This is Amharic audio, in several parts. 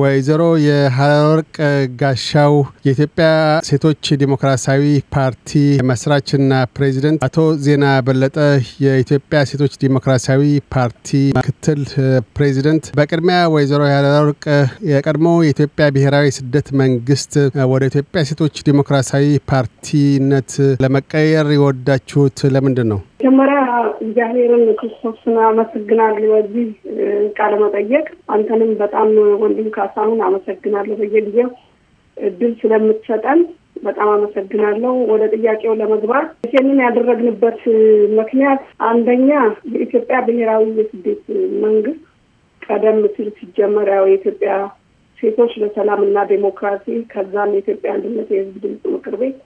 ወይዘሮ የሀረወርቅ ጋሻው የኢትዮጵያ ሴቶች ዲሞክራሲያዊ ፓርቲ መስራችና ፕሬዚደንት፣ አቶ ዜና በለጠ የኢትዮጵያ ሴቶች ዲሞክራሲያዊ ፓርቲ ምክትል ፕሬዚደንት። በቅድሚያ ወይዘሮ የሀረወርቅ የቀድሞ የኢትዮጵያ ብሔራዊ ስደት መንግስት ወደ ኢትዮጵያ ሴቶች ዲሞክራሲያዊ ፓርቲነት ለመቀየር የወዳችሁት ለምንድን ነው? መጀመሪያ እግዚአብሔርን ክርስቶስን አመሰግናለሁ በዚህ ቃለ መጠየቅ። አንተንም በጣም ወንድም ካሳሁን አመሰግናለሁ በየጊዜው እድል ስለምትሰጠን በጣም አመሰግናለሁ። ወደ ጥያቄው ለመግባት ይህንን ያደረግንበት ምክንያት አንደኛ የኢትዮጵያ ብሔራዊ የስደት መንግስት ቀደም ሲል ሲጀመር ያው የኢትዮጵያ ሴቶች ለሰላምና ዴሞክራሲ ከዛም የኢትዮጵያ አንድነት የህዝብ ድምፅ ምክር ቤት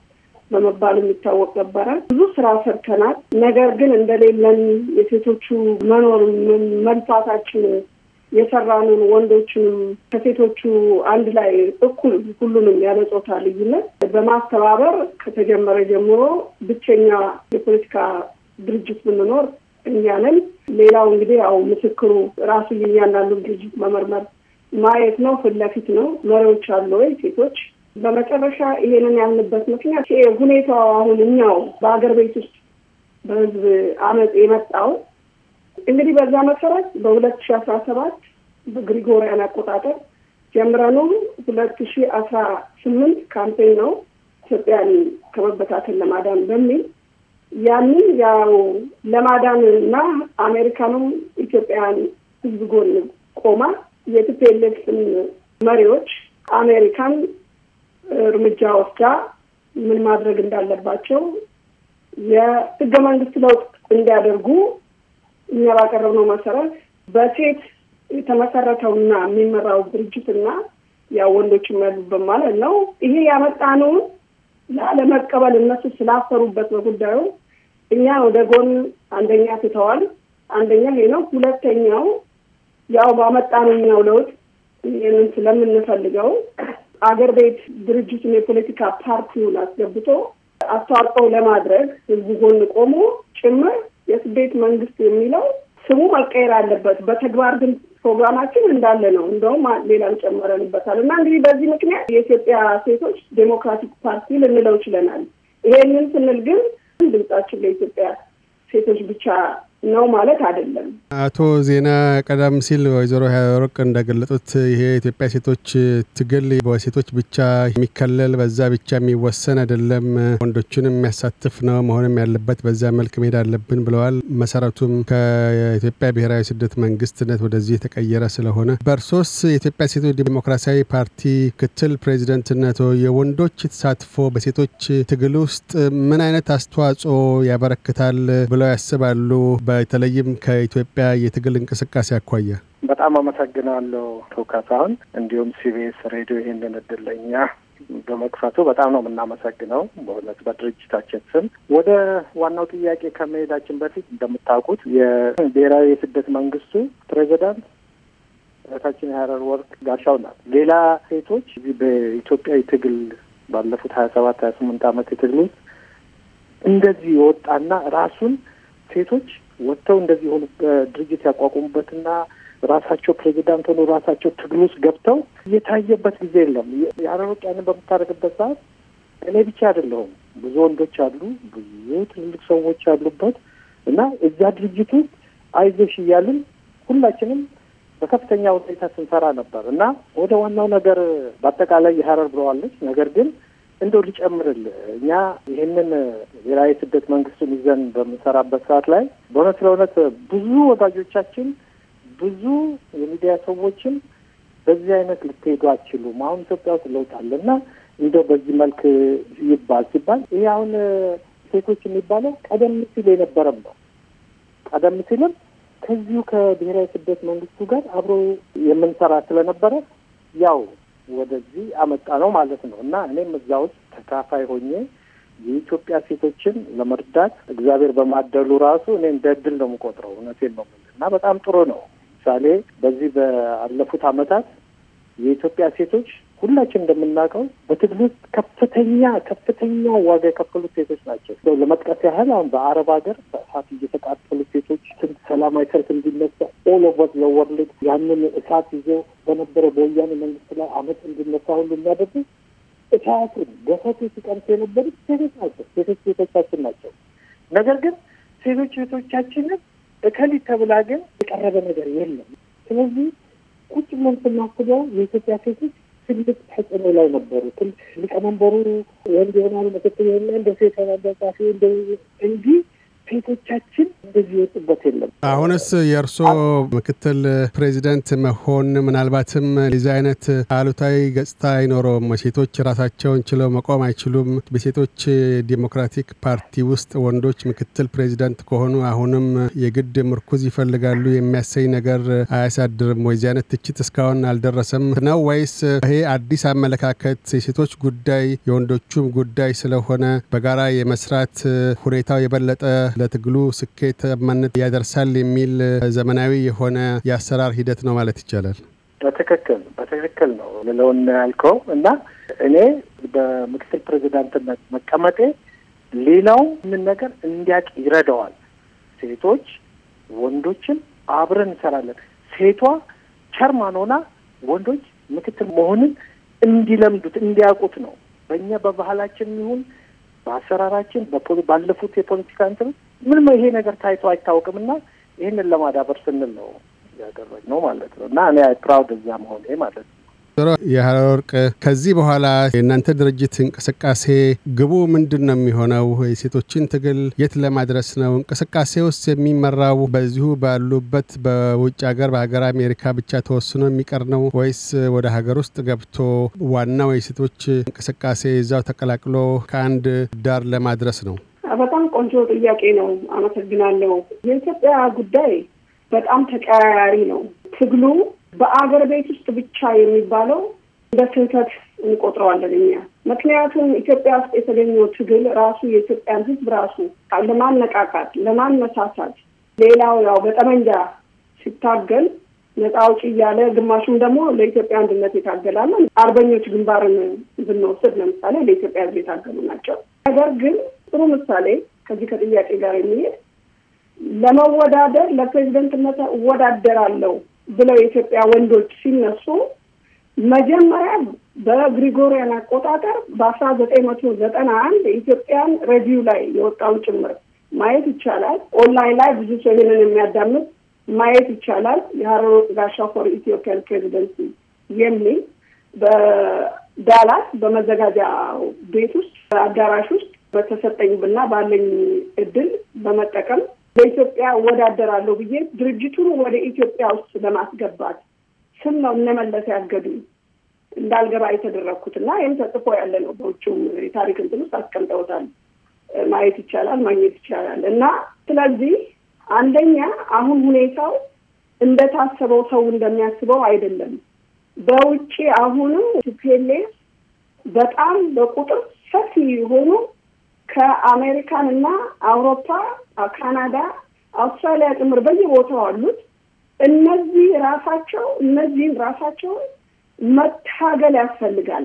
በመባል የሚታወቅ ነበረ። ብዙ ስራ ሰርተናል። ነገር ግን እንደሌለን የሴቶቹ መኖር መልፋታችን የሰራንን ወንዶችንም ከሴቶቹ አንድ ላይ እኩል ሁሉንም ያለ ጾታ ልዩነት በማስተባበር ከተጀመረ ጀምሮ ብቸኛ የፖለቲካ ድርጅት ብንኖር እኛ ነን። ሌላው እንግዲህ ያው ምስክሩ ራሱ እያንዳንዱን ድርጅት መመርመር ማየት ነው። ፊት ለፊት ነው መሪዎች አሉ ወይ ሴቶች በመጨረሻ ይሄንን ያልንበት ምክንያት ሁኔታው አሁን እኛው በሀገር ቤት ውስጥ በህዝብ አመፅ የመጣው እንግዲህ በዛ መሰረት በሁለት ሺ አስራ ሰባት በግሪጎሪያን አቆጣጠር ጀምረኑ ሁለት ሺ አስራ ስምንት ካምፔን ነው ኢትዮጵያን ከመበታተን ለማዳን በሚል ያንን ያው ለማዳን እና አሜሪካኑም ኢትዮጵያን ህዝብ ጎን ቆማ የቲፒኤልኤፍን መሪዎች አሜሪካን እርምጃ ወስዳ ምን ማድረግ እንዳለባቸው የህገ መንግስት ለውጥ እንዲያደርጉ እኛ ባቀረብነው መሰረት በሴት የተመሰረተውና የሚመራው ድርጅትና ያው ወንዶች ያሉበት ማለት ነው። ይሄ ያመጣነውን ላለመቀበል እነሱ ስላፈሩበት በጉዳዩ እኛ ወደ ጎን አንደኛ ትተዋል። አንደኛ ይሄ ነው። ሁለተኛው ያው ባመጣነው ለውጥ ይህንን ስለምንፈልገው አገር ቤት ድርጅቱን የፖለቲካ ፓርቲውን አስገብቶ አስተዋጽኦ ለማድረግ ህዝቡ ጎን ቆሞ ጭምር የስደት መንግስት የሚለው ስሙ መቀየር አለበት። በተግባር ግን ፕሮግራማችን እንዳለ ነው። እንደውም ሌላም ጨመረንበታል እና እንግዲህ በዚህ ምክንያት የኢትዮጵያ ሴቶች ዴሞክራቲክ ፓርቲ ልንለው ችለናል። ይሄንን ስንል ግን ድምጻችን ለኢትዮጵያ ሴቶች ብቻ ነው ማለት አይደለም። አቶ ዜና ቀደም ሲል ወይዘሮ ወርቅ እንደገለጡት ይሄ የኢትዮጵያ ሴቶች ትግል በሴቶች ብቻ የሚከለል በዛ ብቻ የሚወሰን አይደለም፣ ወንዶችንም የሚያሳትፍ ነው መሆንም ያለበት በዛ መልክ መሄድ አለብን ብለዋል። መሰረቱም ከኢትዮጵያ ብሔራዊ ስደት መንግስትነት ወደዚህ የተቀየረ ስለሆነ በእርሶስ የኢትዮጵያ ሴቶች ዲሞክራሲያዊ ፓርቲ ክትል ፕሬዚደንትነቶ የወንዶች ተሳትፎ በሴቶች ትግል ውስጥ ምን አይነት አስተዋጽኦ ያበረክታል ብለው ያስባሉ? በተለይም ከኢትዮጵያ የትግል እንቅስቃሴ አኳያ? በጣም አመሰግናለሁ አቶ ካሳሁን፣ እንዲሁም ሲቢኤስ ሬዲዮ ይህንን እድለኛ በመክፈቱ በጣም ነው የምናመሰግነው በእውነት በድርጅታችን ስም። ወደ ዋናው ጥያቄ ከመሄዳችን በፊት እንደምታውቁት የብሔራዊ የስደት መንግስቱ ፕሬዚዳንት እህታችን የሀረር ወርቅ ጋሻው ናት። ሌላ ሴቶች በኢትዮጵያ ትግል ባለፉት ሀያ ሰባት ሀያ ስምንት አመት የትግል ውስጥ እንደዚህ የወጣና ራሱን ሴቶች ወጥተው እንደዚህ የሆኑ ድርጅት ያቋቁሙበትና ራሳቸው ፕሬዚዳንት ሆኖ ራሳቸው ትግል ውስጥ ገብተው እየታየበት ጊዜ የለም። የአረሮቅ ያንን በምታደርግበት ሰዓት እኔ ብቻ አይደለሁም፣ ብዙ ወንዶች አሉ፣ ብዙ ትልልቅ ሰዎች አሉበት እና እዛ ድርጅቱ አይዞሽ እያልን ሁላችንም በከፍተኛ ሁኔታ ስንሰራ ነበር እና ወደ ዋናው ነገር በአጠቃላይ የሀረር ብለዋለች። ነገር ግን እንደው ልጨምርልህ እኛ ይህንን ብሔራዊ ስደት መንግስቱን ይዘን በምንሰራበት ሰዓት ላይ በእውነት ለእውነት ብዙ ወዳጆቻችን ብዙ የሚዲያ ሰዎችም በዚህ አይነት ልትሄዱ አችሉም አሁን ኢትዮጵያ ውስጥ ለውጥ አለ እና እንደው በዚህ መልክ ይባል ሲባል ይህ አሁን ሴቶች የሚባለው ቀደም ሲል የነበረም ነው። ቀደም ሲልም ከዚሁ ከብሔራዊ ስደት መንግስቱ ጋር አብሮ የምንሰራ ስለነበረ ያው ወደዚህ አመጣ ነው ማለት ነው እና እኔም እዛ ውስጥ ተካፋይ ሆኜ የኢትዮጵያ ሴቶችን ለመርዳት እግዚአብሔር በማደሉ ራሱ እኔ እንደ እድል ነው የምቆጥረው። እውነቴን ነው የምልህ እና በጣም ጥሩ ነው። ምሳሌ በዚህ ባለፉት አመታት የኢትዮጵያ ሴቶች ሁላችን እንደምናውቀው በትግል ውስጥ ከፍተኛ ከፍተኛ ዋጋ የከፈሉ ሴቶች ናቸው። ለመጥቀስ ያህል አሁን በአረብ ሀገር በእሳት እየተቃጠሉ ሴቶች ስንት ሰላማዊ ሰልፍ እንዲነሳ ኦል ኦቨር ዘ ወርልድ ያንን እሳት ይዞ በነበረ በወያኔ መንግስት ላይ አመፅ እንዲነሳ ሁሉ የሚያደርጉ እሳቱ ገፈቱ ሲቀምሱ የነበሩት ሴቶች ናቸው። ሴቶች ቤቶቻችን ናቸው። ነገር ግን ሴቶች ቤቶቻችንን እከሊት ተብላ ግን የቀረበ ነገር የለም። ስለዚህ ቁጭ ብለን ስናስበው የኢትዮጵያ ሴቶች ትልቅ ተጽዕኖ ላይ ነበሩ። ሊቀመንበሩ ወንድ የሆኑ መከተል የሆነ እንደ ሴት ሆነ እንደ ጻፊ እንጂ ሴቶቻችን እንደዚህ የወጡበት የለም። አሁንስ የእርስዎ ምክትል ፕሬዚደንት መሆን ምናልባትም ለዚህ አይነት አሉታዊ ገጽታ አይኖረውም። ሴቶች ራሳቸውን ችለው መቆም አይችሉም። በሴቶች ዲሞክራቲክ ፓርቲ ውስጥ ወንዶች ምክትል ፕሬዚደንት ከሆኑ አሁንም የግድ ምርኩዝ ይፈልጋሉ የሚያሰኝ ነገር አያሳድርም። ዚህ አይነት ትችት እስካሁን አልደረሰም ነው ወይስ ይሄ አዲስ አመለካከት የሴቶች ጉዳይ የወንዶቹም ጉዳይ ስለሆነ በጋራ የመስራት ሁኔታው የበለጠ ለትግሉ ስኬታማነት ያደርሳል የሚል ዘመናዊ የሆነ የአሰራር ሂደት ነው ማለት ይቻላል። በትክክል በትክክል ነው ልለውን ያልከው እና እኔ በምክትል ፕሬዚዳንትነት መቀመጤ ሌላው ምን ነገር እንዲያቅ ይረዳዋል። ሴቶች ወንዶችን አብረን እንሰራለን። ሴቷ ቸርማን ሆና ወንዶች ምክትል መሆንን እንዲለምዱት እንዲያውቁት ነው። በእኛ በባህላችን ይሁን በአሰራራችን ባለፉት የፖለቲካ እንትን ምንም ይሄ ነገር ታይቶ አይታወቅም እና ይህንን ለማዳበር ስንል ነው ነው ማለት ነው እና እኔ ፕራውድ እዛ መሆኔ ማለት ነው። ዶሮ የሀረር ወርቅ ከዚህ በኋላ የእናንተ ድርጅት እንቅስቃሴ ግቡ ምንድን ነው የሚሆነው? የሴቶችን ትግል የት ለማድረስ ነው? እንቅስቃሴ ውስጥ የሚመራው በዚሁ ባሉበት በውጭ ሀገር በሀገር አሜሪካ ብቻ ተወስኖ የሚቀር ነው ወይስ ወደ ሀገር ውስጥ ገብቶ ዋናው የሴቶች እንቅስቃሴ እዛው ተቀላቅሎ ከአንድ ዳር ለማድረስ ነው? በጣም ቆንጆ ጥያቄ ነው። አመሰግናለሁ። የኢትዮጵያ ጉዳይ በጣም ተቀያያሪ ነው። ትግሉ በአገር ቤት ውስጥ ብቻ የሚባለው እንደ ስህተት እንቆጥረዋለን እኛ። ምክንያቱም ኢትዮጵያ ውስጥ የተገኘው ትግል ራሱ የኢትዮጵያን ሕዝብ ራሱ ለማነቃቃት፣ ለማነሳሳት ሌላው ያው በጠመንጃ ሲታገል ነፃ አውጪ እያለ ግማሹም ደግሞ ለኢትዮጵያ አንድነት የታገላለን። አርበኞች ግንባርን ብንወስድ ለምሳሌ ለኢትዮጵያ ሕዝብ የታገሉ ናቸው። ነገር ግን ጥሩ ምሳሌ ከዚህ ከጥያቄ ጋር የሚሄድ ለመወዳደር ለፕሬዚደንትነት እወዳደራለሁ ብለው የኢትዮጵያ ወንዶች ሲነሱ መጀመሪያ በግሪጎሪያን አቆጣጠር በአስራ ዘጠኝ መቶ ዘጠና አንድ ኢትዮጵያን ሬቪው ላይ የወጣውን ጭምር ማየት ይቻላል። ኦንላይን ላይ ብዙ ሰው ይህንን የሚያዳምጥ ማየት ይቻላል። የሀረሮ ጋሻ ፎር ኢትዮጵያን ፕሬዚደንሲ የሚል በዳላስ በመዘጋጃ ቤት ውስጥ አዳራሽ ውስጥ በተሰጠኝ ብና ባለኝ እድል በመጠቀም በኢትዮጵያ እወዳደራለሁ ብዬ ድርጅቱን ወደ ኢትዮጵያ ውስጥ ለማስገባት ስም ነው እነመለሰ ያገዱ እንዳልገባ የተደረግኩት እና ይህም ተጽፎ ያለ ነው። በውጭም የታሪክ እንትን ውስጥ አስቀምጠውታል። ማየት ይቻላል፣ ማግኘት ይቻላል። እና ስለዚህ አንደኛ አሁን ሁኔታው እንደታሰበው ሰው እንደሚያስበው አይደለም። በውጭ አሁንም ቲፒኤልኤፍ በጣም በቁጥር ሰፊ የሆኑ ከአሜሪካን እና አውሮፓ፣ ካናዳ፣ አውስትራሊያ ጭምር በየቦታው አሉት። እነዚህ ራሳቸው እነዚህን ራሳቸውን መታገል ያስፈልጋል።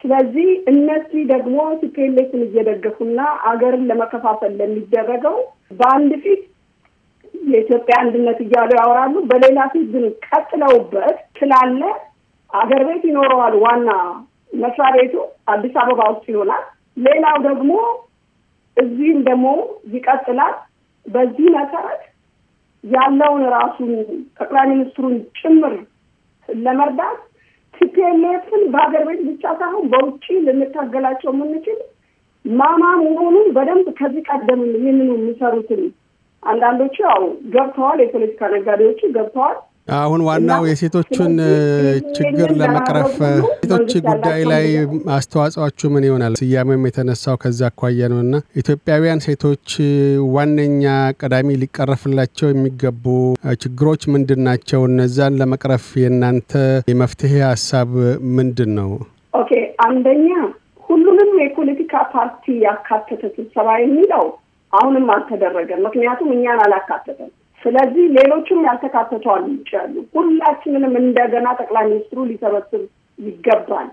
ስለዚህ እነዚህ ደግሞ ቲፒኤልኤፍን እየደገፉና አገርን ለመከፋፈል ለሚደረገው በአንድ ፊት የኢትዮጵያ አንድነት እያሉ ያወራሉ፣ በሌላ ፊት ግን ቀጥለውበት ስላለ አገር ቤት ይኖረዋል። ዋና መስሪያ ቤቱ አዲስ አበባ ውስጥ ይሆናል። ሌላው ደግሞ እዚህም ደግሞ ይቀጥላል። በዚህ መሰረት ያለውን ራሱን ጠቅላይ ሚኒስትሩን ጭምር ለመርዳት ቲፒኤልኤፍን በሀገር ቤት ብቻ ሳይሆን በውጭ ልንታገላቸው የምንችል ማማ መሆኑን በደንብ ከዚህ ቀደም ይህንኑ የሚሰሩትን አንዳንዶቹ ያው ገብተዋል፣ የፖለቲካ ነጋዴዎቹ ገብተዋል። አሁን ዋናው የሴቶቹን ችግር ለመቅረፍ ሴቶች ጉዳይ ላይ አስተዋጽኦችሁ ምን ይሆናል? ስያሜም የተነሳው ከዛ አኳያ ነው እና ኢትዮጵያውያን ሴቶች ዋነኛ ቀዳሚ ሊቀረፍላቸው የሚገቡ ችግሮች ምንድን ናቸው? እነዛን ለመቅረፍ የእናንተ የመፍትሄ ሀሳብ ምንድን ነው? ኦኬ አንደኛ ሁሉንም የፖለቲካ ፓርቲ ያካተተ ስብሰባ የሚለው አሁንም አልተደረገም። ምክንያቱም እኛን አላካተተም። ስለዚህ ሌሎችም ያልተካተቷል ውጭ ሁላችንንም እንደገና ጠቅላይ ሚኒስትሩ ሊሰበስብ ይገባል።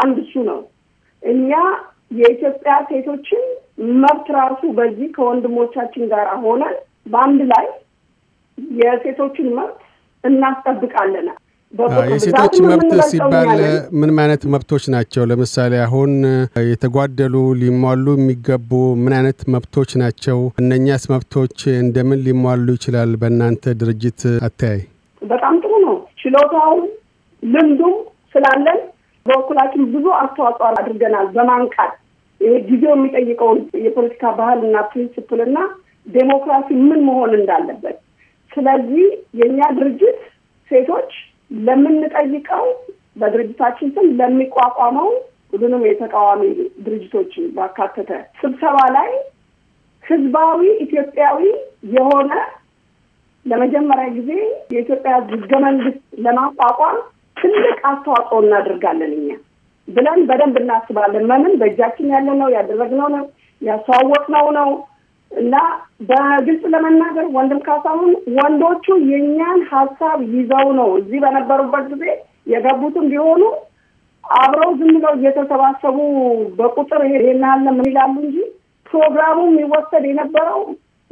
አንድ እሱ ነው። እኛ የኢትዮጵያ ሴቶችን መብት ራሱ በዚህ ከወንድሞቻችን ጋር ሆነን በአንድ ላይ የሴቶችን መብት እናስጠብቃለን። የሴቶች መብት ሲባል ምን አይነት መብቶች ናቸው? ለምሳሌ አሁን የተጓደሉ ሊሟሉ የሚገቡ ምን አይነት መብቶች ናቸው? እነኛስ መብቶች እንደምን ሊሟሉ ይችላል? በእናንተ ድርጅት አተያይ በጣም ጥሩ ነው። ችሎታውም ልምዱም ስላለን በበኩላችን ብዙ አስተዋጽኦ አድርገናል። በማንቃት ይሄ ጊዜው የሚጠይቀውን የፖለቲካ ባህልና ፕሪንስፕልና ዴሞክራሲ ምን መሆን እንዳለበት። ስለዚህ የእኛ ድርጅት ሴቶች ለምንጠይቀው በድርጅታችን ስም ለሚቋቋመው ሁሉንም የተቃዋሚ ድርጅቶችን ባካተተ ስብሰባ ላይ ህዝባዊ ኢትዮጵያዊ የሆነ ለመጀመሪያ ጊዜ የኢትዮጵያ ህገ መንግስት ለማቋቋም ትልቅ አስተዋጽኦ እናደርጋለን እኛ ብለን በደንብ እናስባለን። መምን በእጃችን ያለ ነው ያደረግነው ነው ያስተዋወቅነው ነው እና በግልጽ ለመናገር ወንድም ካሳሁን ወንዶቹ የእኛን ሀሳብ ይዘው ነው እዚህ በነበሩበት ጊዜ የገቡትም ቢሆኑ አብረው ዝም ብለው እየተሰባሰቡ በቁጥር ይሄን ምን ይላሉ እንጂ ፕሮግራሙ የሚወሰድ የነበረው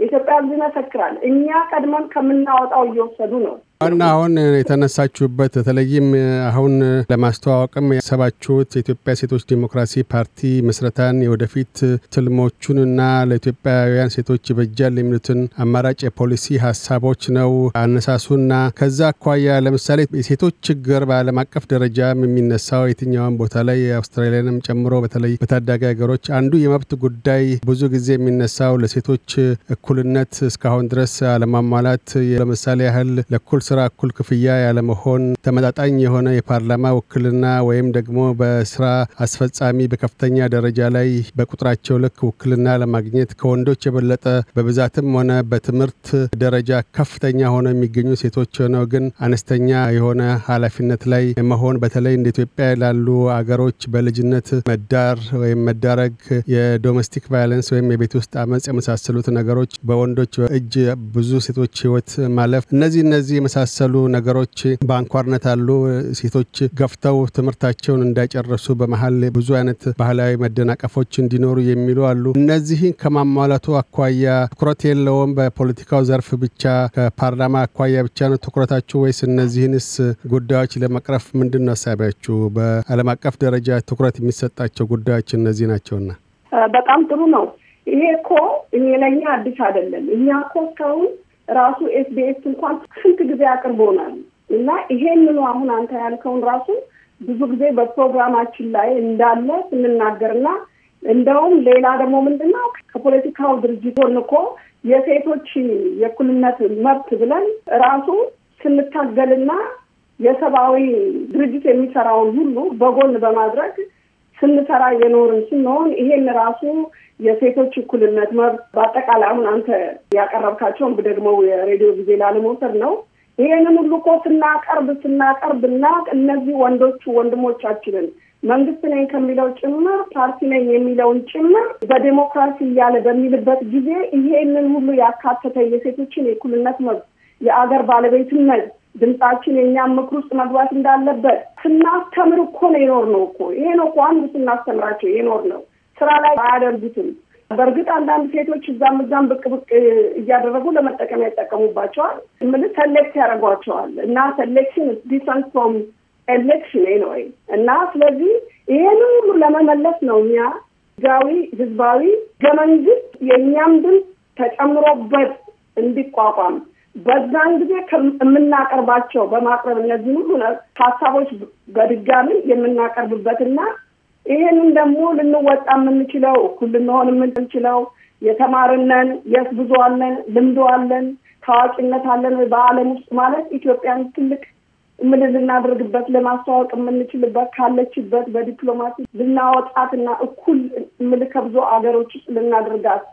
ኢትዮጵያ ሕዝብ ይመሰክራል። እኛ ቀድመን ከምናወጣው እየወሰዱ ነው። ዋና አሁን የተነሳችሁበት በተለይም አሁን ለማስተዋወቅም ያሰባችሁት የኢትዮጵያ ሴቶች ዲሞክራሲ ፓርቲ ምስረታን የወደፊት ትልሞቹን እና ለኢትዮጵያውያን ሴቶች ይበጃል የሚሉትን አማራጭ የፖሊሲ ሀሳቦች ነው አነሳሱና ከዛ አኳያ ለምሳሌ የሴቶች ችግር በአለም አቀፍ ደረጃም የሚነሳው የትኛውን ቦታ ላይ አውስትራሊያንም ጨምሮ በተለይ በታዳጊ ሀገሮች አንዱ የመብት ጉዳይ ብዙ ጊዜ የሚነሳው ለሴቶች እኩልነት እስካሁን ድረስ አለማሟላት ለምሳሌ ያህል ለኩል ስራ እኩል ክፍያ ያለመሆን፣ ተመጣጣኝ የሆነ የፓርላማ ውክልና ወይም ደግሞ በስራ አስፈጻሚ በከፍተኛ ደረጃ ላይ በቁጥራቸው ልክ ውክልና ለማግኘት ከወንዶች የበለጠ በብዛትም ሆነ በትምህርት ደረጃ ከፍተኛ ሆነው የሚገኙ ሴቶች ሆነው ግን አነስተኛ የሆነ ኃላፊነት ላይ መሆን በተለይ እንደ ኢትዮጵያ ላሉ አገሮች በልጅነት መዳር ወይም መዳረግ፣ የዶሜስቲክ ቫይለንስ ወይም የቤት ውስጥ አመፅ የመሳሰሉት ነገሮች በወንዶች እጅ ብዙ ሴቶች ህይወት ማለፍ እነዚህ እነዚህ የመሳሰሉ ነገሮች በአንኳርነት አሉ። ሴቶች ገፍተው ትምህርታቸውን እንዳይጨርሱ በመሀል ብዙ አይነት ባህላዊ መደናቀፎች እንዲኖሩ የሚሉ አሉ። እነዚህን ከማሟላቱ አኳያ ትኩረት የለውም። በፖለቲካው ዘርፍ ብቻ ከፓርላማ አኳያ ብቻ ነው ትኩረታችሁ ወይስ እነዚህንስ ጉዳዮች ለመቅረፍ ምንድን ነው ሳቢያችሁ በዓለም አቀፍ ደረጃ ትኩረት የሚሰጣቸው ጉዳዮች እነዚህ ናቸውና በጣም ጥሩ ነው። ይሄ እኮ እኔ ለእኛ አዲስ አይደለም። እኛ እኮ እስካሁን ራሱ ኤስቢኤስ እንኳን ስንት ጊዜ አቅርቦናል እና ይሄንኑ አሁን አንተ ያልከውን ራሱ ብዙ ጊዜ በፕሮግራማችን ላይ እንዳለ ስንናገርና እንደውም ሌላ ደግሞ ምንድነው ከፖለቲካው ድርጅት ንኮ የሴቶች የእኩልነት መብት ብለን ራሱ ስንታገልና የሰብአዊ ድርጅት የሚሰራውን ሁሉ በጎን በማድረግ ስንሰራ የኖርን ስንሆን ይሄን ራሱ የሴቶች እኩልነት መብት በአጠቃላይ አሁን አንተ ያቀረብካቸውን ደግሞ የሬዲዮ ጊዜ ላለመውሰድ ነው። ይሄንን ሁሉ እኮ ስናቀርብ ስናቀርብ እና እነዚህ ወንዶቹ ወንድሞቻችንን መንግስት ነኝ ከሚለው ጭምር ፓርቲ ነኝ የሚለውን ጭምር በዴሞክራሲ እያለ በሚልበት ጊዜ ይሄንን ሁሉ ያካተተ የሴቶችን የእኩልነት መብት የአገር ባለቤትነት ድምጻችን የእኛም ምክር ውስጥ መግባት እንዳለበት ስናስተምር እኮ ነው የኖር ነው እኮ ይሄ ነው እኮ አንዱ ስናስተምራቸው የኖር ነው። ስራ ላይ አያደርጉትም። በእርግጥ አንዳንድ ሴቶች እዛም እዛም ብቅ ብቅ እያደረጉ ለመጠቀም ያጠቀሙባቸዋል። ምልህ ሰሌክት ያደርጓቸዋል እና ሰሌክሽን ዲፈረንስ ፍሮም ኤሌክሽን ነው እና ስለዚህ ይሄን ሁሉ ለመመለስ ነው እኛ ህጋዊ ህዝባዊ ህገ መንግስት የእኛም ድምፅ ተጨምሮበት እንዲቋቋም በዛን ጊዜ የምናቀርባቸው በማቅረብ እነዚህ ሁሉ ሀሳቦች በድጋሚ የምናቀርብበትና ይህንን ደግሞ ልንወጣ የምንችለው እኩል ልንሆን የምንችለው የተማርነን የስ ብዙ አለን፣ ልምዶ አለን፣ ታዋቂነት አለን በአለም ውስጥ ማለት ኢትዮጵያን ትልቅ ምን ልናደርግበት ለማስተዋወቅ የምንችልበት ካለችበት በዲፕሎማሲ ልናወጣትና እኩል ምል ከብዙ አገሮች ውስጥ ልናደርጋት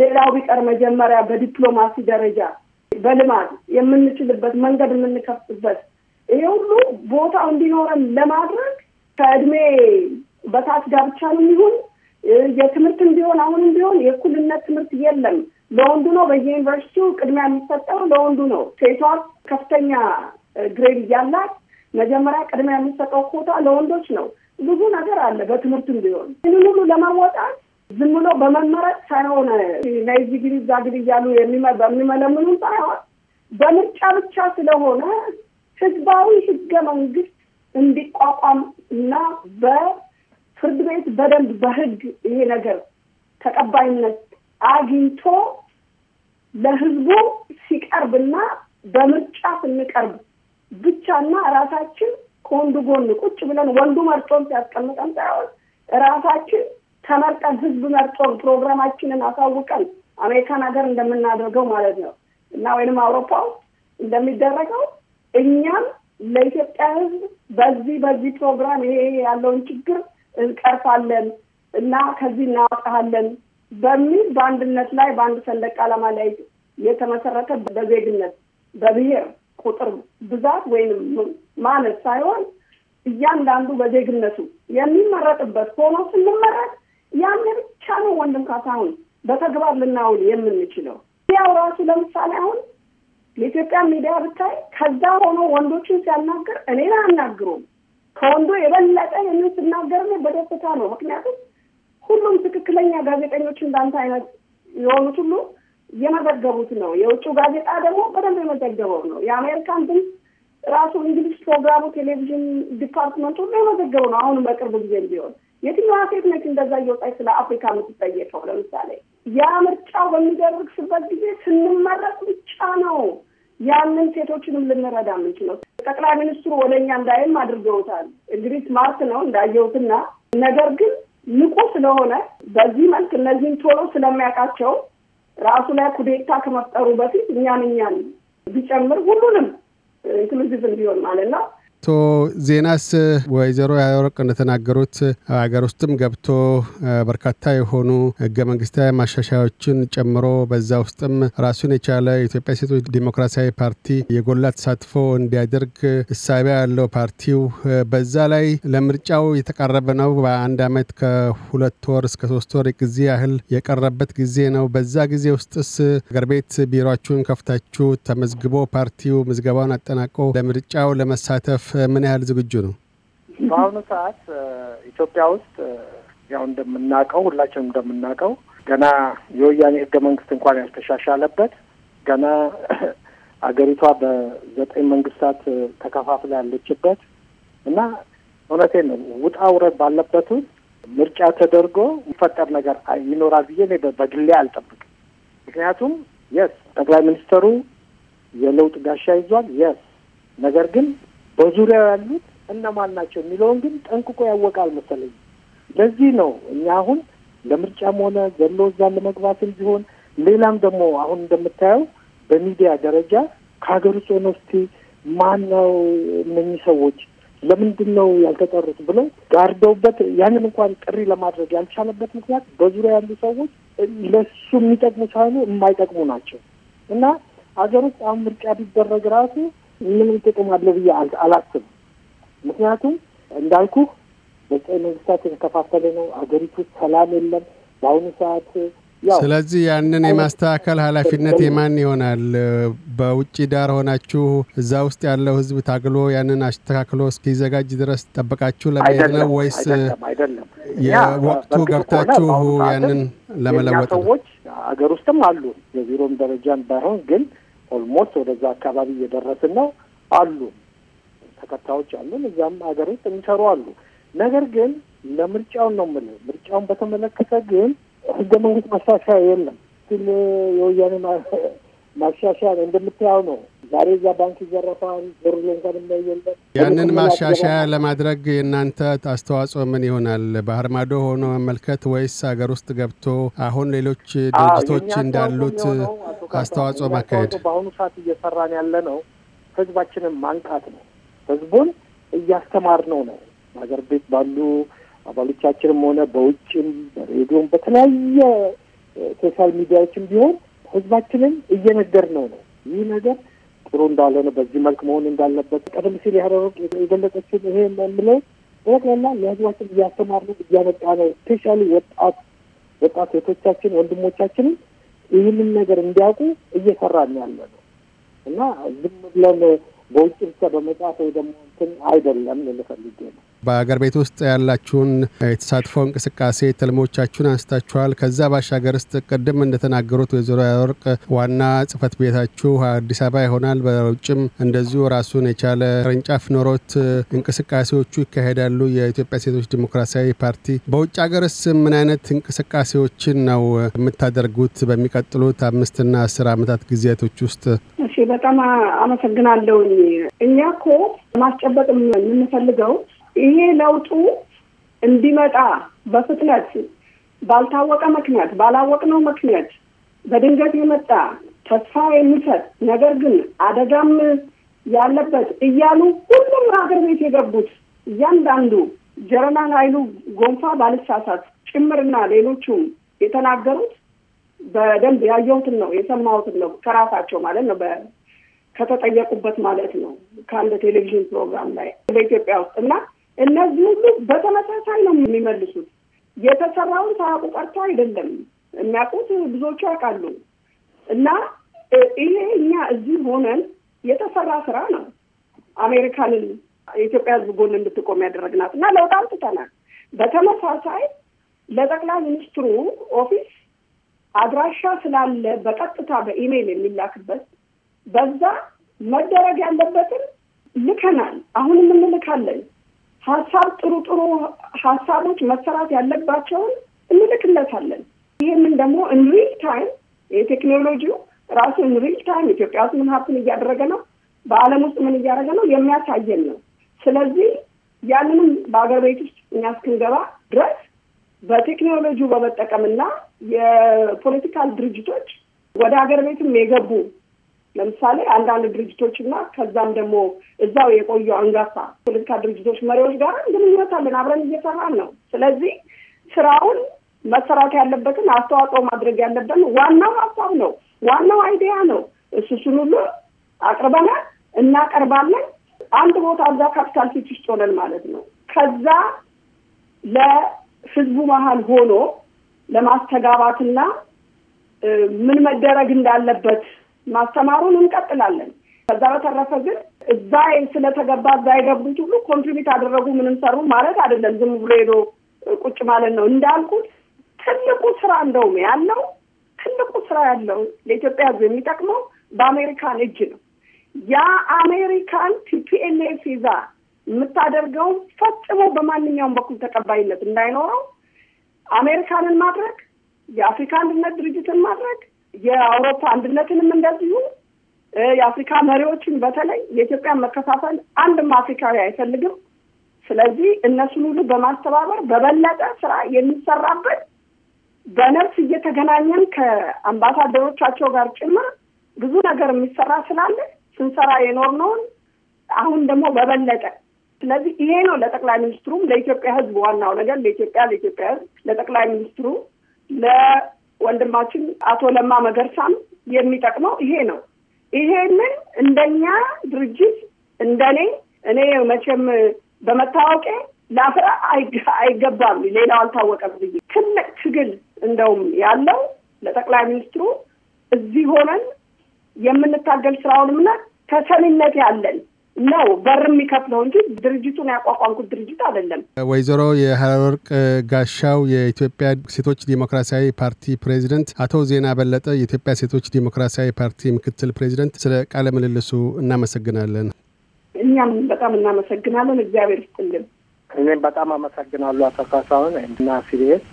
ሌላው ቢቀር መጀመሪያ በዲፕሎማሲ ደረጃ በልማት የምንችልበት መንገድ የምንከፍትበት ይሄ ሁሉ ቦታው እንዲኖረን ለማድረግ ከእድሜ በታች ጋብቻ ነው የሚሆን የትምህርት እንዲሆን አሁን እንዲሆን የእኩልነት ትምህርት የለም። ለወንዱ ነው በየዩኒቨርሲቲው ቅድሚያ የሚሰጠው ለወንዱ ነው። ሴቷ ከፍተኛ ግሬድ እያላት መጀመሪያ ቅድሚያ የሚሰጠው ኮታ ለወንዶች ነው። ብዙ ነገር አለ በትምህርት እንዲሆን ይህንን ሁሉ ለማወጣት ዝም ብሎ በመመረጥ ሳይሆን ናይ ዚግሪ ግድ እያሉ በሚመለምኑ ሳይሆን በምርጫ ብቻ ስለሆነ ህዝባዊ ህገ መንግስት እንዲቋቋም እና በፍርድ ቤት በደንብ በህግ ይሄ ነገር ተቀባይነት አግኝቶ ለህዝቡ ሲቀርብና በምርጫ ስንቀርብ ብቻና ራሳችን ከወንዱ ጎን ቁጭ ብለን ወንዱ መርጦን ሲያስቀምጠን ሳይሆን ራሳችን ተመርጠን ህዝብ መርጦ ፕሮግራማችንን አሳውቀን አሜሪካን ሀገር እንደምናደርገው ማለት ነው እና ወይንም አውሮፓ እንደሚደረገው እኛም ለኢትዮጵያ ህዝብ በዚህ በዚህ ፕሮግራም ይሄ ያለውን ችግር እንቀርፋለን እና ከዚህ እናወጣሃለን በሚል በአንድነት ላይ በአንድ ሰንደቅ ዓላማ ላይ የተመሰረተ በዜግነት በብሔር ቁጥር ብዛት ወይም ማለት ሳይሆን እያንዳንዱ በዜግነቱ የሚመረጥበት ሆኖ ስንመረጥ ያን ብቻ ነው ወንድም ካሳሁን በተግባር ልናውል የምንችለው። ያው ራሱ ለምሳሌ አሁን የኢትዮጵያ ሚዲያ ብታይ ከዛ ሆኖ ወንዶችን ሲያናግር እኔን አናግሩም ከወንዶ የበለጠ ይህንን ስናገር በደስታ ነው። ምክንያቱም ሁሉም ትክክለኛ ጋዜጠኞች እንዳንተ አይነት የሆኑት ሁሉ የመዘገቡት ነው። የውጭው ጋዜጣ ደግሞ በደንብ የመዘገበው ነው። የአሜሪካን ድምፅ ራሱ እንግሊዝ ፕሮግራሙ ቴሌቪዥን ዲፓርትመንት ሁሉ የመዘገበው ነው። አሁንም በቅርብ ጊዜ ቢሆን የትኛዋ ሴት ነች እንደዛ እየወጣች ስለ አፍሪካ የምትጠየቀው? ለምሳሌ ያ ምርጫ በሚደረግበት ጊዜ ስንመረጥ ብቻ ነው ያንን ሴቶችንም ልንረዳ የምንችለው። ጠቅላይ ሚኒስትሩ ወደ እኛ እንዳይም አድርገውታል። እንግዲህ ስማርት ነው እንዳየሁትና ነገር ግን ንቁ ስለሆነ በዚህ መልክ እነዚህን ቶሎ ስለሚያውቃቸው ራሱ ላይ ኩዴታ ከመፍጠሩ በፊት እኛን እኛን ቢጨምር ሁሉንም ኢንክሉዚቭ እንዲሆን ማለት ነው አቶ ዜናስ ወይዘሮ ያወርቅ እንደተናገሩት ሀገር ውስጥም ገብቶ በርካታ የሆኑ ህገ መንግስታዊ ማሻሻያዎችን ጨምሮ በዛ ውስጥም ራሱን የቻለ የኢትዮጵያ ሴቶች ዲሞክራሲያዊ ፓርቲ የጎላ ተሳትፎ እንዲያደርግ እሳቢያ ያለው ፓርቲው በዛ ላይ ለምርጫው የተቃረበ ነው። በአንድ አመት ከሁለት ወር እስከ ሶስት ወር ጊዜ ያህል የቀረበት ጊዜ ነው። በዛ ጊዜ ውስጥስ አገር ቤት ቢሮችሁን ከፍታችሁ ተመዝግቦ ፓርቲው ምዝገባውን አጠናቆ ለምርጫው ለመሳተፍ ምን ያህል ዝግጁ ነው? በአሁኑ ሰዓት ኢትዮጵያ ውስጥ ያው እንደምናውቀው ሁላችንም እንደምናውቀው ገና የወያኔ ህገ መንግስት እንኳን ያልተሻሻለበት ገና አገሪቷ በዘጠኝ መንግስታት ተከፋፍላ ያለችበት እና እውነቴ ነው ውጣ ውረድ ባለበት ምርጫ ተደርጎ የሚፈጠር ነገር ይኖራል ብዬ እኔ በግሌ አልጠብቅም። ምክንያቱም የስ ጠቅላይ ሚኒስትሩ የለውጥ ጋሻ ይዟል። የስ ነገር ግን በዙሪያው ያሉት እነማን ናቸው የሚለውን ግን ጠንቅቆ ያወቃል መሰለኝ። ለዚህ ነው እኛ አሁን ለምርጫም ሆነ ዘሎ እዛን ለመግባትም ቢሆን ሌላም ደግሞ አሁን እንደምታየው በሚዲያ ደረጃ ከሀገር ውስጥ ሆነ እስቲ ማን ነው እነኚህ ሰዎች ለምንድን ነው ያልተጠሩት ብለው ጋርደውበት ያንን እንኳን ጥሪ ለማድረግ ያልቻለበት ምክንያት በዙሪያ ያሉ ሰዎች ለሱ የሚጠቅሙ ሳይሆኑ የማይጠቅሙ ናቸው እና ሀገር ውስጥ አሁን ምርጫ ቢደረግ ራሱ ምንም ጥቅም አለው ብዬ አላስብም። ምክንያቱም እንዳልኩ በቀይ መንግስታት የተከፋፈለ ነው። አገሪቱ ሰላም የለም በአሁኑ ሰዓት። ስለዚህ ያንን የማስተካከል ኃላፊነት የማን ይሆናል? በውጭ ዳር ሆናችሁ እዛ ውስጥ ያለው ህዝብ ታግሎ ያንን አስተካክሎ እስኪዘጋጅ ድረስ ጠበቃችሁ ለመሄድ ነው ወይስ የወቅቱ ገብታችሁ ያንን ለመለወጥ ነው? ሰዎች አገር ውስጥም አሉ የቢሮም ደረጃን ባይሆን ግን ኦልሞስት ወደዛ አካባቢ እየደረስን ነው። አሉ ተከታዮች አሉን፣ እዛም ሀገር ውስጥ የሚሰሩ አሉ። ነገር ግን ለምርጫውን ነው የምልህ። ምርጫውን በተመለከተ ግን ህገ መንግስት ማሻሻያ የለም። ግን የወያኔ ማሻሻያ እንደምታየው ነው ዛሬ እዛ ባንክ ይዘረፋል፣ ብር ገንዘብ የለም። ያንን ማሻሻያ ለማድረግ የእናንተ አስተዋጽኦ ምን ይሆናል? ባህር ማዶ ሆኖ መመልከት ወይስ ሀገር ውስጥ ገብቶ አሁን ሌሎች ድርጅቶች እንዳሉት አስተዋጽኦ ማካሄድ? በአሁኑ ሰዓት እየሰራን ያለ ነው ህዝባችንን ማንቃት ነው። ህዝቡን እያስተማር ነው። ሀገር ቤት ባሉ አባሎቻችንም ሆነ በውጭም በሬዲዮም በተለያየ ሶሻል ሚዲያዎችም ቢሆን ህዝባችንን ነው ነው ይህ ነገር ጥሩ እንዳልሆነ በዚህ መልክ መሆን እንዳለበት ቀደም ሲል ያደረጉ የገለጸችን ይሄ የምለው በጠቅላላ ለህዝባችን እያስተማሩ እያመጣ ነው። ስፔሻሊ ወጣት ወጣት ሴቶቻችን ወንድሞቻችንም ይህንን ነገር እንዲያውቁ እየሰራን ያለ ነው እና ዝም ብለን በውጭ ብቻ በመጻፍ ወይ ደግሞ እንትን አይደለም ልፈልጌ ነው። በአገር ቤት ውስጥ ያላችሁን የተሳትፎ እንቅስቃሴ ተልሞቻችሁን አንስታችኋል። ከዛ ባሻገር ውስጥ ቅድም እንደተናገሩት ወይዘሮ ያወርቅ ዋና ጽህፈት ቤታችሁ አዲስ አበባ ይሆናል። በውጭም እንደዚሁ ራሱን የቻለ ቅርንጫፍ ኖሮት እንቅስቃሴዎቹ ይካሄዳሉ። የኢትዮጵያ ሴቶች ዲሞክራሲያዊ ፓርቲ በውጭ ሀገርስ ምን አይነት እንቅስቃሴዎችን ነው የምታደርጉት በሚቀጥሉት አምስትና አስር ዓመታት ጊዜያቶች ውስጥ? እሺ፣ በጣም አመሰግናለሁኝ። እኛ ኮ ማስጨበጥ የምንፈልገው ይሄ ለውጡ እንዲመጣ በፍጥነት ባልታወቀ ምክንያት ባላወቅነው ምክንያት በድንገት የመጣ ተስፋ የሚሰጥ ነገር ግን አደጋም ያለበት እያሉ ሁሉም ሀገር ቤት የገቡት እያንዳንዱ ጀነራል ኃይሉ ጎንፋ ባልሳሳት ጭምርና ሌሎቹም የተናገሩት በደንብ ያየሁትን ነው የሰማሁትን ነው ከራሳቸው ማለት ነው ከተጠየቁበት ማለት ነው ከአንድ ቴሌቪዥን ፕሮግራም ላይ በኢትዮጵያ ውስጥ እና እነዚህ ሁሉ በተመሳሳይ ነው የሚመልሱት። የተሰራውን ሳያውቁ ቀርቶ አይደለም፣ የሚያውቁት ብዙዎቹ ያውቃሉ። እና ይሄ እኛ እዚህ ሆነን የተሰራ ስራ ነው። አሜሪካንን የኢትዮጵያ ሕዝብ ጎን እንድትቆም ያደረግናት እና ለውጥ አምጥተናል። በተመሳሳይ ለጠቅላይ ሚኒስትሩ ኦፊስ አድራሻ ስላለ በቀጥታ በኢሜይል የሚላክበት በዛ መደረግ ያለበትን ልከናል። አሁንም እንልካለን። ሀሳብ ጥሩ ጥሩ ሀሳቦች መሰራት ያለባቸውን እንልክለታለን። ይህንን ደግሞ እንሪል ታይም የቴክኖሎጂው ራሱ እንሪል ታይም ኢትዮጵያ ውስጥ ምን ሀብትን እያደረገ ነው፣ በዓለም ውስጥ ምን እያደረገ ነው የሚያሳየን ነው። ስለዚህ ያንንም በሀገር ቤት ውስጥ እኛ እስክንገባ ድረስ በቴክኖሎጂው በመጠቀምና የፖለቲካል ድርጅቶች ወደ ሀገር ቤትም የገቡ ለምሳሌ አንዳንድ ድርጅቶች እና ከዛም ደግሞ እዛው የቆዩ አንጋፋ ፖለቲካ ድርጅቶች መሪዎች ጋር ግንኙነት አለን፣ አብረን እየሰራን ነው። ስለዚህ ስራውን መሰራት ያለበትን አስተዋጽኦ ማድረግ ያለበትን ዋናው ሀሳብ ነው፣ ዋናው አይዲያ ነው። እሱሱን ሁሉ አቅርበናል፣ እናቀርባለን። አንድ ቦታ እዛ ካፒታል ፊት ውስጥ ሆነን ማለት ነው። ከዛ ለህዝቡ መሀል ሆኖ ለማስተጋባትና ምን መደረግ እንዳለበት ማስተማሩን እንቀጥላለን። ከዛ በተረፈ ግን እዛ ስለተገባ እዛ የገቡት ሁሉ ኮንትሪቢዩት አደረጉ ምንም ሰሩ ማለት አይደለም። ዝም ብሎ ሄዶ ቁጭ ማለት ነው። እንዳልኩት ትልቁ ስራ እንደውም ያለው ትልቁ ስራ ያለው ለኢትዮጵያ ሕዝብ የሚጠቅመው በአሜሪካን እጅ ነው። ያ አሜሪካን ቲፒኤልኤፍ ይዛ የምታደርገው ፈጽሞ በማንኛውም በኩል ተቀባይነት እንዳይኖረው አሜሪካንን ማድረግ፣ የአፍሪካ አንድነት ድርጅትን ማድረግ የአውሮፓ አንድነትንም እንደዚሁ የአፍሪካ መሪዎችን በተለይ የኢትዮጵያን መከፋፈል አንድም አፍሪካዊ አይፈልግም። ስለዚህ እነሱን ሁሉ በማስተባበር በበለጠ ስራ የሚሰራበት በነፍስ እየተገናኘን ከአምባሳደሮቻቸው ጋር ጭምር ብዙ ነገር የሚሰራ ስላለ ስንሰራ የኖርነውን አሁን ደግሞ በበለጠ ስለዚህ ይሄ ነው ለጠቅላይ ሚኒስትሩም ለኢትዮጵያ ሕዝብ ዋናው ነገር ለኢትዮጵያ ለኢትዮጵያ ሕዝብ ለጠቅላይ ሚኒስትሩ ወንድማችን አቶ ለማ መገርሳም የሚጠቅመው ይሄ ነው። ይሄንን እንደኛ ድርጅት እንደኔ እኔ መቼም በመታወቄ ለአፍራ አይገባም፣ ሌላው አልታወቀም ብዬ ትልቅ ትግል እንደውም ያለው ለጠቅላይ ሚኒስትሩ እዚህ ሆነን የምንታገል ስራውንምና ተሰሚነት ያለን ነው በር የሚከፍለው እንጂ ድርጅቱን ያቋቋምኩት ድርጅት አይደለም። ወይዘሮ የሀረር ጋሻው የኢትዮጵያ ሴቶች ዲሞክራሲያዊ ፓርቲ ፕሬዚደንት፣ አቶ ዜና በለጠ የኢትዮጵያ ሴቶች ዲሞክራሲያዊ ፓርቲ ምክትል ፕሬዚደንት፣ ስለ ቃለ ምልልሱ እናመሰግናለን። እኛም በጣም እናመሰግናለን። እግዚአብሔር ይስጥልን። እኔም በጣም አመሰግናሉ አቶ ካሳሁን እና ሲቤስ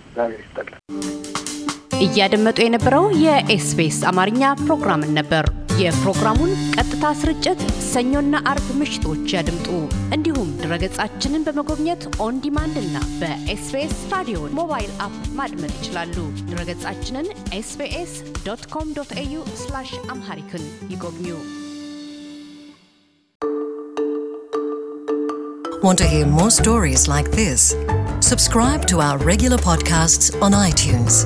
እያደመጡ የነበረው የኤስቢኤስ አማርኛ ፕሮግራምን ነበር። የፕሮግራሙን ቀጥታ ስርጭት ሰኞና አርብ ምሽቶች ያድምጡ። እንዲሁም ድረገጻችንን በመጎብኘት ኦን ዲማንድ እና በኤስቢኤስ ራዲዮ ሞባይል አፕ ማድመጥ ይችላሉ። ድረገጻችንን ኤስቢኤስ ዶት ኮም ዶት ኤዩ አምሃሪክን ይጎብኙ። Want to hear more stories like this? Subscribe to our regular podcasts on iTunes.